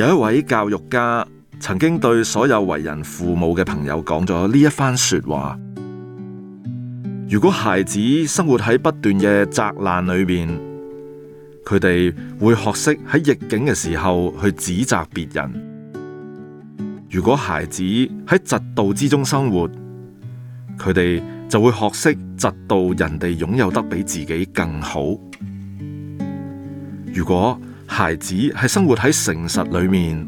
有一位教育家曾經對所有為人父母嘅朋友講咗呢一番說話：「如果孩子生活喺不斷嘅責難裏面，佢哋會學識喺逆境嘅時候去指責別人；如果孩子喺嫉妒之中生活，佢哋就會學識嫉妒人哋擁有得比自己更好；如果孩子係生活喺誠實裏面，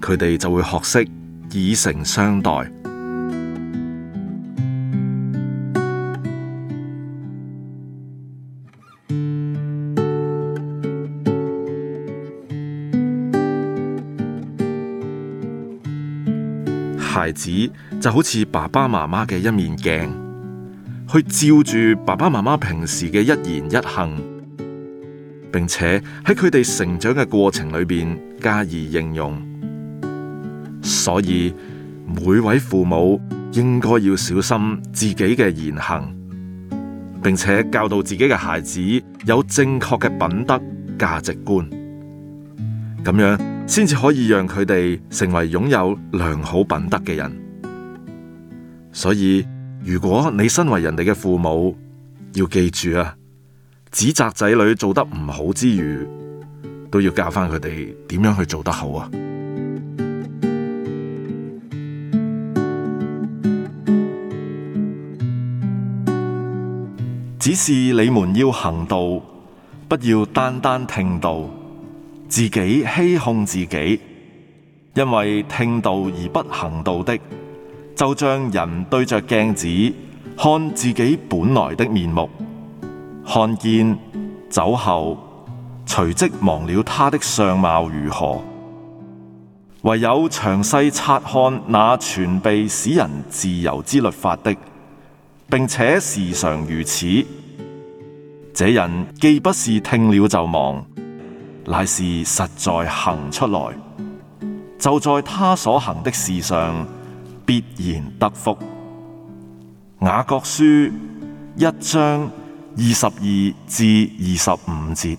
佢哋就會學識以誠相待。孩子就好似爸爸媽媽嘅一面鏡，去照住爸爸媽媽平時嘅一言一行。並且喺佢哋成長嘅過程裏面加以應用，所以每位父母應該要小心自己嘅言行，並且教導自己嘅孩子有正確嘅品德價值觀，咁樣先至可以讓佢哋成為擁有良好品德嘅人。所以如果你身為人哋嘅父母，要記住啊！指責仔女做得唔好之餘，都要教返佢哋點樣去做得好啊！只是你們要行道，不要單單聽道，自己欺哄自己，因為聽道而不行道的，就像人對着鏡子看自己本來的面目。看見走後，隨即忘了他的相貌如何，唯有詳細察看那全備使人自由之律法的，並且時常如此。這人既不是聽了就忘，乃是實在行出來，就在他所行的事上必然得福。雅各書一章。二十二至二十五節。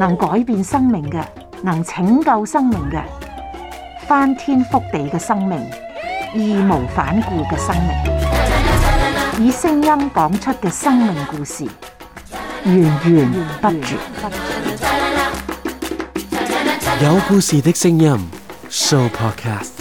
能改變生命嘅，能拯救生命嘅，翻天覆地嘅生命，義無反顧嘅生命，以聲音講出嘅生命故事，源源不絕。有故事的聲音 Show Podcast。